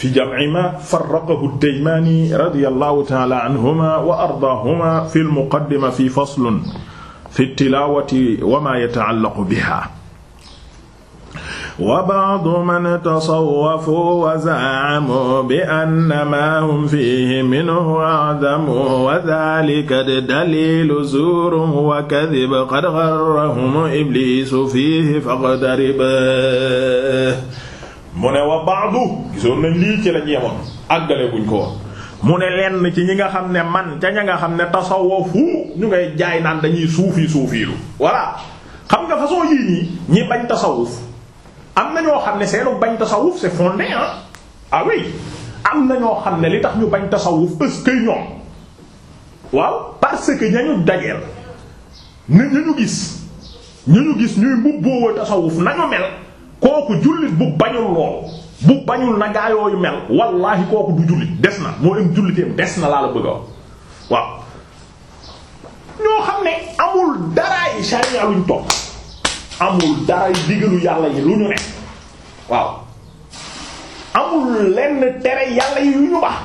fi jam'i ma farraqahu at-Taymani radiyallahu ta'ala anhuma wa ardaahuma fi al-muqaddima fi faslun fi at-tilawati wa ma yata'allaqu biha wa ba'du man tasawwafu wa za'amu bi anna ma hum fihi minhu a'zamu wa dhalika dalilu zuurin wa kadhib qad gharrahum iblisu fihi faqtarib mu ne wa ba'du gisoon nañ lii ci la yemoon àggale buñ ko woon mu ne lenn ci ñi nga xam ne man ca ña nga xam ne tasawafu ñu ngay jaay naan dañuy suufi suufiilu voilà xam nga façon yii ñii ñi bañ tasawuf am na ñoo xam ne seenu bañ tasawuf c'est fondé ah ah am na ñoo xam ne li tax ñu bañ tasawuf est-ce ñoom waaw parce que ñañu dajeel na ñu gis ñu ñu gis ñuy mbubboo tasawuf nañu mel kooku jullit bu bañul lool bu bañul na gaa yooyu mel wallaahi kooku du jullit des na moo am julliteem des na laa la bëgg a wax waaw ñoo xam ne amul daraay sariya luñ topp amul daraay digalu yàlla yi lu ñu ne waaw amul lenn tere yàlla yi yu ñu baax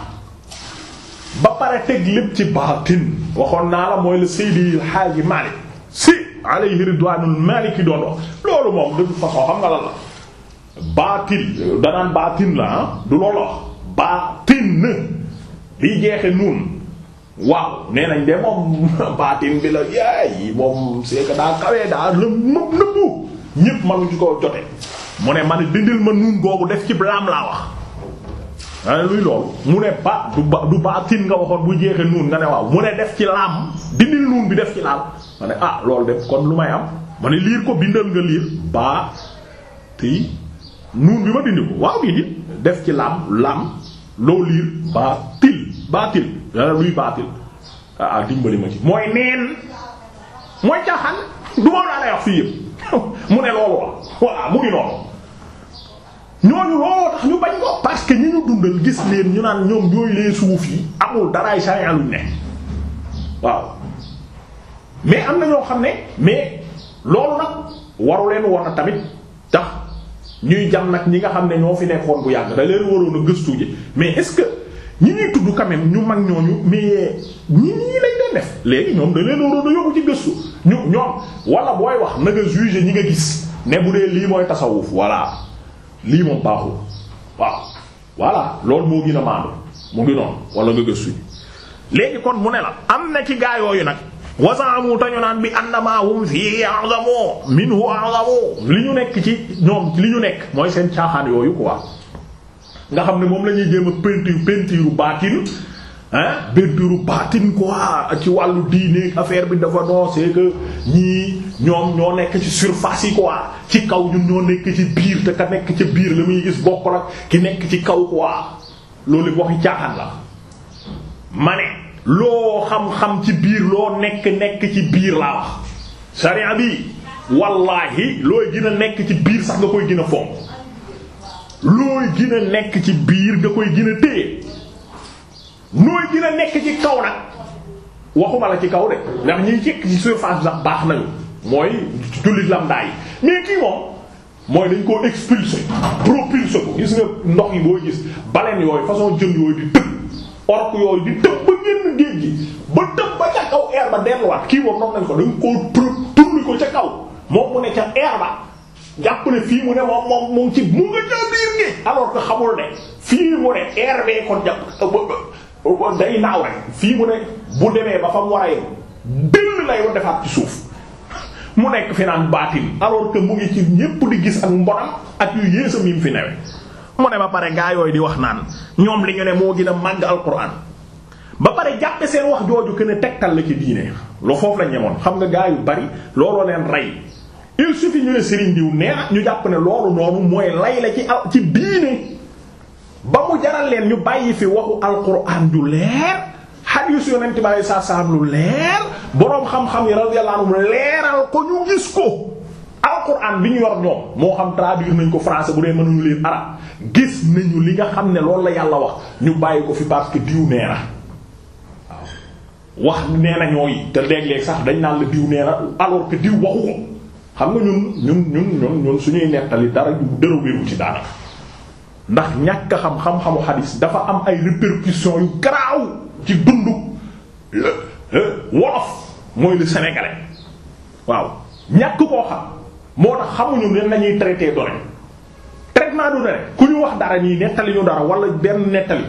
ba pare teg lépp ci baatin waxoon naa la mooy la Seydi El Hadji Malick si alayhi ridwaanul maliki doon wax loolu moom de toute façon xam nga lan la baatil danaan baatin la ah du loolu wax baatin bi jeexe nuun waaw nee nañ de moom baatin bi la yaay moom c'est daa kawee daa lëm nëb nëbbu ñépp mënuñu ko jote mu ne man dindil ma nuun googu def ci laam laa wax ane ah, luy loolu mu ne ba du ba nga waxoon bu jeexee nuun nga ne waaw mu ne def ci laam dindil nuun bi def ci laal ma ne ah loolu def kon lu may am ma ne liir ko bindal nga liir baa ti def ci laam laam loo liir baa dana luy baatil ah, ah dimbali ma ci mooy neen mooy caaxaan du moom laa lay wax fii yëpp mu ne loolu wax waaw mu ngi noonu ñooñu looloo tax ñu bañ ko parce que ñi ñu dundal gis leen ñu naan ñoom ñooy les suuf yi amul daraay charia luñ ne waaw mais am na ñoo xam ne mais loolu nag waru leen woon a tamit tax ñuy jam nag ñi nga xam ne ñoo fi nekkoon bu yàgg da leen waroon a gëstu ji mais est-ce que ñi ñuy tudd quand ñu mag ñooñu mais ñi ñii lañ doon def léegi ñoom da leen waroon a yóbbu ci gëstu ñu ñoom walla booy wax na nga juger ñi nga gis ne bu dee lii mooy tasawuf voilà lii moom baaxul waaw voilà loolu moo gën a maandu mu ngi noonu wala nga gëstu léegi kon mu ne la am na ci gaa yooyu nag wasaamu tañu naan bi andamaawum fii a'zamu minhu a'zamu li ñu nekk ci ñoom li ñu nekk mooy seen caaxaan yooyu quoi nga xam ne moom lañuy ñuy jéem a peinture peinture baatin ah peinture baatin quoi ci wàllu diine affaire bi dafa non c'est ñii ñoom ñoo nekk ci surface yi quoi ci kaw ñun ñoo nekk ci biir te ka nekk ca biir la muy gis bokkul ak ki nekk ci kaw quoi loolu waxi caaxaan la mane loo xam-xam ci biir loo nekk nekk ci biir laa wax sariya bi wallaahi looy gën a nekk ci biir sax nga koy gën a fonk nekk ci biir koy gën a téye nooy gën a nekk ci kaw nag waxuma la ci kaw de ndax ñiy jekk ci surface bi sax baax nañu mooy jullit lamdaay mais kii moom mooy dañ koo expulser propulser ko gis nga ndox yi boo gis baleine yooyu façon jën yooyu di tëb ork yooyu di tëb ba génn géej gi ba tëb ba ca kaw air ba delluwaat kii moom noonu lañ ko dañ koo tourner ko ca kaw moom mu ne ca air ba jàpp ne fii mu ne moom moom moom ci mu nga jaa biir ngi alors que xamul ne fii mu ne air bee kon day naaw rek fii mu ne bu demee ba fa mu war a yem bill lay defaat ci suuf mu nekk fi naan baatil alors que mu ngi ci ñépp di gis ak mbonam ak yu yéesam yi mu fi newe mu ne ba pare gaa yooyu di wax naan ñoom li ñu ne moo gën a màgg alquran ba pare jàppe seen wax jooju que ne tegtal la ci diine lu foofu la ñemoon xam nga gaa yu bari looloo leen rey il suffit ñu ne Serigne diw nee ñu jàpp ne loolu noonu mooy lay la ci al ci diine ba mu jaral leen ñu bàyyi fi waxu alquran ju leer xadiis yonent bi sallallahu alayhi lu leer boroom xam-xam yi radiyallahu anhum leeral ko ñu gis ko alquran bi ñu yor ñoom moo xam traduire nañ ko français bu dee mënuñu leen arab gis nañu li nga xam ne loolu la yàlla wax ñu bàyyi ko fi parce que diw nee waaw wax nee na ñooy te léeg-léeg sax dañ naan la diw nee na alors que diw waxu ko xam nga ñun ñun ñun ñun ñun suñuy nettali dara ñu dërë ci daanaka ndax ñàkk xam xam-xamu xadis dafa am ay répercussions yu garaaw ci dundu Euh, wolof mooy le sénégalais waaw ñàkk koo xam moo tax xamuñu ne nañuy traité données traitement du rek ku ñu wax dara nii nettali ñu dara wala benn nettali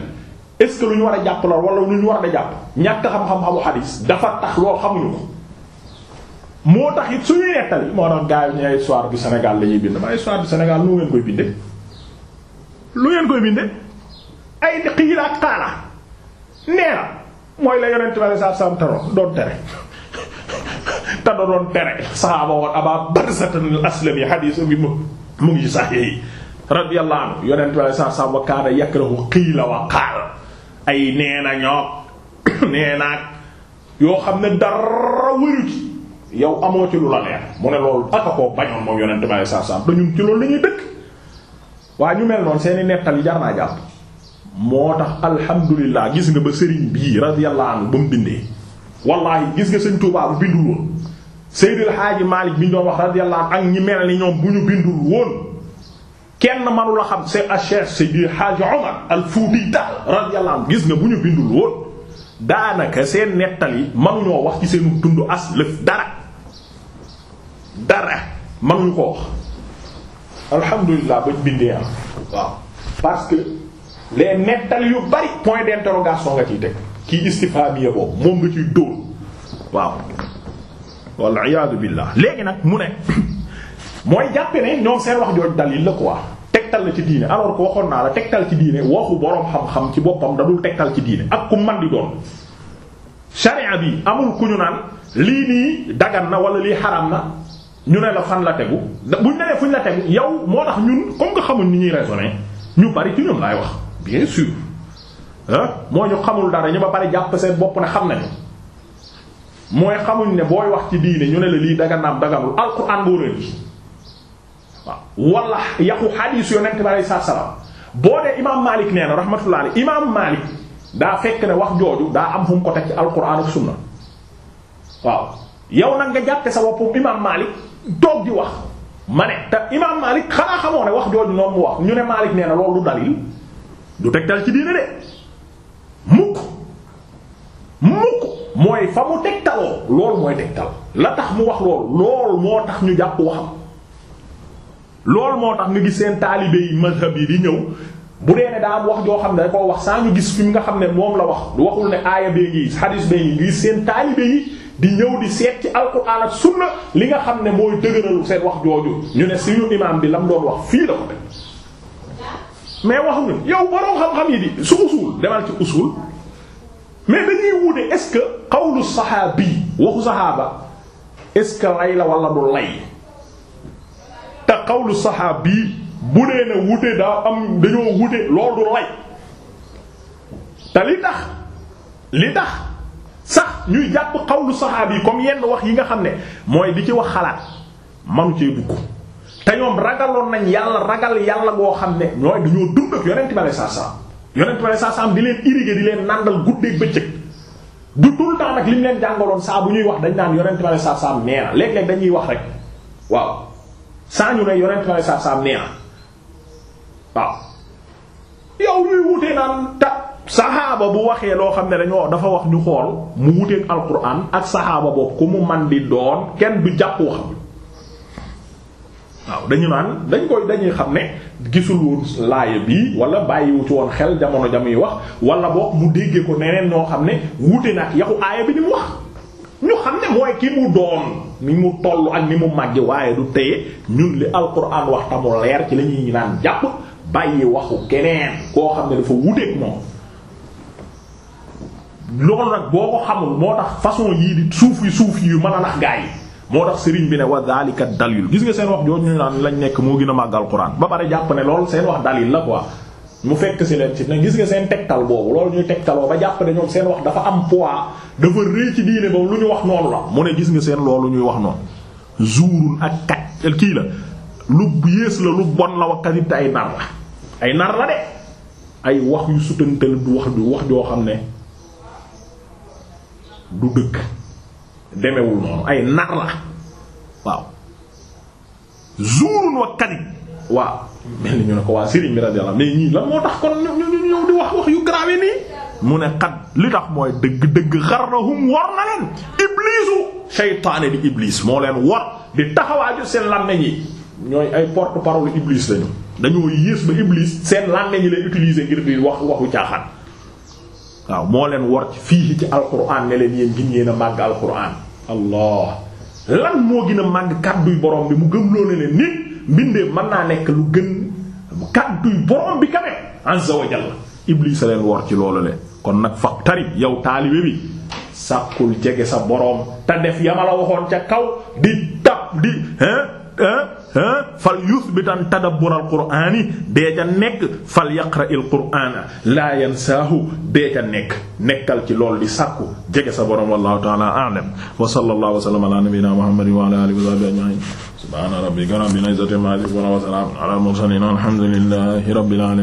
est-ce que lu ñu war a jàpp la wala lu ñu war a jàpp ñàkk xam-xam-xamu xadiis dafa tax loolu xamuñu ko moo tax it suñuy nettali moo tax gars yi ñu ay histoire du Sénégal la ñuy bind ma histoire du Sénégal nu ngeen koy binde lu ngeen koy binde ay xiilaat xaala nee na mooy la yonent bi saa saam taroon doon tere te doon tere saxaaba woon Abaa Barzata al-Aslami xadiis bi mu mu ngi sax yi radiyallahu anhu yonent la saa saam wa kaana yakrahu qiila wa qaal ay neena ñoo neenaak yoo xam ne dara wëru ci yow amoo ci lu la leer mu ne loolu aka koo bañoon moom yonent bi saa saam te ñun ci loolu la dëkk waa ñu mel noonu seeni nettal yi jar naa jàpp moo tax alhamdulilah gis nga ba sëriñ bii radiyallahu anhu ba mu bindee wallaahi gis nga sëñ Touba bindul woon Seydil Hadji Malick bi ñu wax radiyallahu ak ñi mel ni ñoom bu ñu bindul woon kenn manu xam c'est Cheikh Seydil Hadji Omar al Fouti Tall radiyallahu anhu gis nga bu ñu bindul woon daanaka seen nettali manuñoo wax ci seen tund as dara dara manuñu ko wax alhamdulilah bañ bindee am waaw les nettali yu bari point d'interrogation nga ciy teg kii istifhamiya boobu moom nga ciy dóor waaw wal iyaadu billah léegi nag mu ne mooy jàppe ne ñoom seen wax jooj dalil la quoi tegtal la ci diine alors que waxoon naa la tegtal ci diine waxu boroom xam-xam ci boppam da dul tegtal ci diine ak ku man di doon sharia bi amul ku ñu naan lii nii dagan na wala lii xaram na ñu ne la fan la tegu buñ ne fu ñu la tegu yow moo tax ñun comme nga xamul ni ñu bari ci wax bien sûr moo ñu xamul dara ñu ba pare jàpp seen bopp ne xam nañu mooy xamuñ ne booy wax ci diine ñu ne la lii daga naam daganul alxuraan boo rëdd waaw wala yàqu xadiis yonent bi alayhi salaam boo dee imaam Maalik nee na rahmatullah alayhi imaam Maalik daa fekk ne wax jooju daa am fu mu ko teg ci alxuraan ak waaw yow nag nga jàppe sa bopp imaam Maalik toog di wax ma ne te imaam Maalik xanaa xamoo ne wax jooju noonu mu wax ñu ne Maalik nee na loolu du dalil. du tegtal ci diine de mukk mukk mooy fa mu tegtaloo loolu mooy tegtal la tax mu wax loolu loolu moo tax ñu jàpp waxam loolu moo tax nga gis seen taalibe yi mazhab yi di ñëw bu dee ne daa am wax joo xam ne da koo wax saa ñu gis fi mu nga xam ne moom la wax du waxul ne aaya bee ngi xadiis bee ngi gis seen taalibe yi di ñëw di seet ci alxuraan ak sunna li nga xam ne mooy dëgëralu seen wax jooju ñu ne suñu imaam bi lam doon wax fii la ko def mais waxuñu yow borom xam-xam yi di su usul demal ci usul mais dañuy wuute est-ce que qawlu saxaabi waxu saxaaba est-ce que lay la wala du lay te qawlu saxaabi bu dee ne wuute daa am dañoo wuute loolu du lay te li tax li tax sax ñuy jàpp qawlu saxaabi comme yenn wax yi nga xam ne mooy di ci wax xalaat manu cee dugg. te ñoom ragaloon nañ yàlla ragal yàlla goo xam ne ñooy dañoo dund ak yonent bi alayhi salaam yonent bi alayhi salaam di leen irriguer di leen nàndal guddeeg du tout le temps nag li bu ñuy wax dañ naan yonent bi alayhi salaam nee na léeg-léeg dañuy wax rek waaw saa ñu ne yonent bi alayhi salaam nee na waaw yow ñuy wutee naan ta saxaaba bu waxee loo xam ne dañoo dafa wax ñu xool mu wuteeg alquran ak saxaaba boobu ku mu man di doon kenn du jàpp wax waaw dañu naan dañ koy dañuy xam ne gisul woon bii wala bàyyiwu ci woon xel jamono jamuy wax wala boog mu déggee ko neneen ñoo xam ne wuute nag yaxu aaya bi ni wax ñu xam ne mooy ki mu doom ni mu toll ak ni mu màgge waaye du teye ñun li alquran wax tamu leer ci lañuy naan jàpp bàyyi waxu keneen koo xam ne dafa wuteeg moom loolu nag boo ko xamul moo tax façon yii suuf yi suuf yu mën na nax gaa yi moo tax sëriñ bi ne wa daalika dalil gis nga seen wax jooju ñu naan lañ nekk moo gën a màgg alxuraan ba pare jàpp ne lool seen wax dalil la quoi mu fekk si leen ci ne gis nga seen tegtal boobu loolu ñuy tegtaloo ba jàpp ne ñoom seen wax dafa am poids dafa rëy ci diine boobu lu ñu wax noonu la mu ne gis nga seen loolu ñuy wax noonu zuurun ak kaj kii la lu yées la lu bon la wakkati te ay nar la ay nar la de ay wax yu sutantal du wax du wax xam ne du demewul noonu ay nar la waaw zuurun wa waaw mel ni ñu ne ko waa Serigne bi radiyallahu mais ñii lan moo tax kon ñu ñu ñëw di wax wax yu grave nii mu ne xat li tax mooy dëgg-dëgg xarrahum war na leen iblisu seytaane di iblis moo leen war di taxawaaju seen làmmeñ yi ñooy ay porte parole iblis lañu dañoo yées ba iblis seen làmmeñ yi lay utiliser ngir di wax waxu caaxaan waaw moo leen war ci fii ci alquran ne leen yéen gin a màgg alquran allah lan moo gën a màgg kàdduy borom bi mu gëm loo ne leen nit mbindee mën naa nekk lu gën kàdduy borom bi quand même azza wa ci loolu le kon nag faq tarib yow taalibe bi sàkkul jege sa borom te def yamala waxoon ca kaw di tab di hein fal yuthbitan tadabbural qur'aani dee ca nekk fal yaqra'il qur'aana laa yansaahu dee ca nekk nekkal ci loolu di sàkku jege sa borom wallahu ta'ala a'lam wa sallallahu wa sallama ala nabiyyina muhammadin wa ala alihi wa sahbihi ajma'in subhana rabbika rabbil izzati amma yasifun wa salamun ala al mursalin walhamdulillahi rabbil alamin